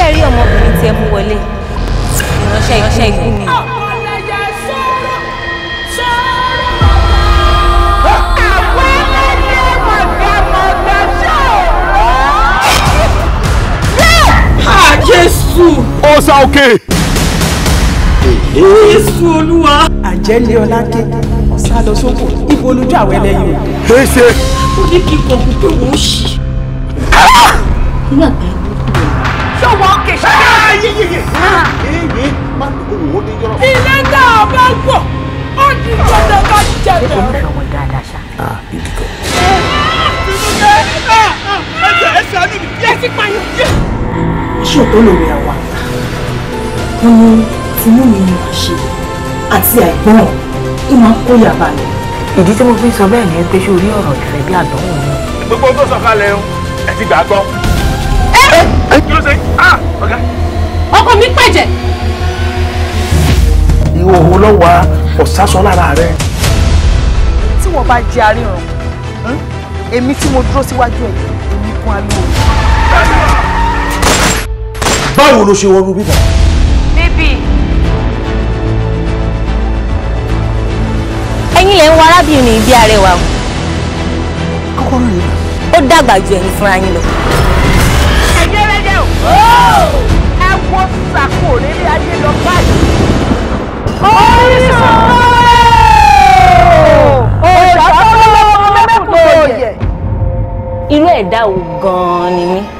ṣe rí ọmọbìnrin tí ẹ mú wọlé ìránṣẹ́ ìránṣẹ́ ikú ni. Jésù! Ó sá òkè! Jésù Olúwa! Àjẹ́lé Ọlákẹ́ sá lọ sóko ibo olójú àwọn ẹlẹ́yìn o. Ṣé ṣe? Ó ní kí n kọ̀ọ̀kan pé òun ṣì. Nígbà tá bá wọ̀ ó di dandan ká jẹ bẹ̀rù. ṣé kò ní sọ̀rọ̀ dáadáa ṣá. a ah, bíbí kan. ẹsẹ̀ ẹsẹ̀ àánú mi yẹ ti pààyàn yẹ. ṣòótọ́ lórí àwa wọn ni tinú mi ni wàá ṣe àti àìgbọ́n ìmọ̀ kó yàbá ni. ìdí tí mo fi ń sọ bẹ́ẹ̀ ni pé ṣé orí ọ̀rọ̀ ìfẹ́ bí àdánwò ni. gbogbo tó sọ kalẹ̀ ẹ ti gbà gbọ́. Ah, ọkọ mi pẹ́ òhun lọ́wọ́ ọ̀sásọ lára rẹ. tí wọ́n bá jẹ́ aríran hmm, èmi tí mo dúró síwájú ẹ̀ èmi kún alóore. báwo ló ṣe wọnú bíbá. bébì. ẹ̀yin lè ń wọ arábìnrin ìbí arẹwà o. kọ́kọ́rọ́ rẹ̀. ó dàgbà ju ẹ̀yin fúnra yín lọ. irú ẹ̀dá wo gan-an ni mí.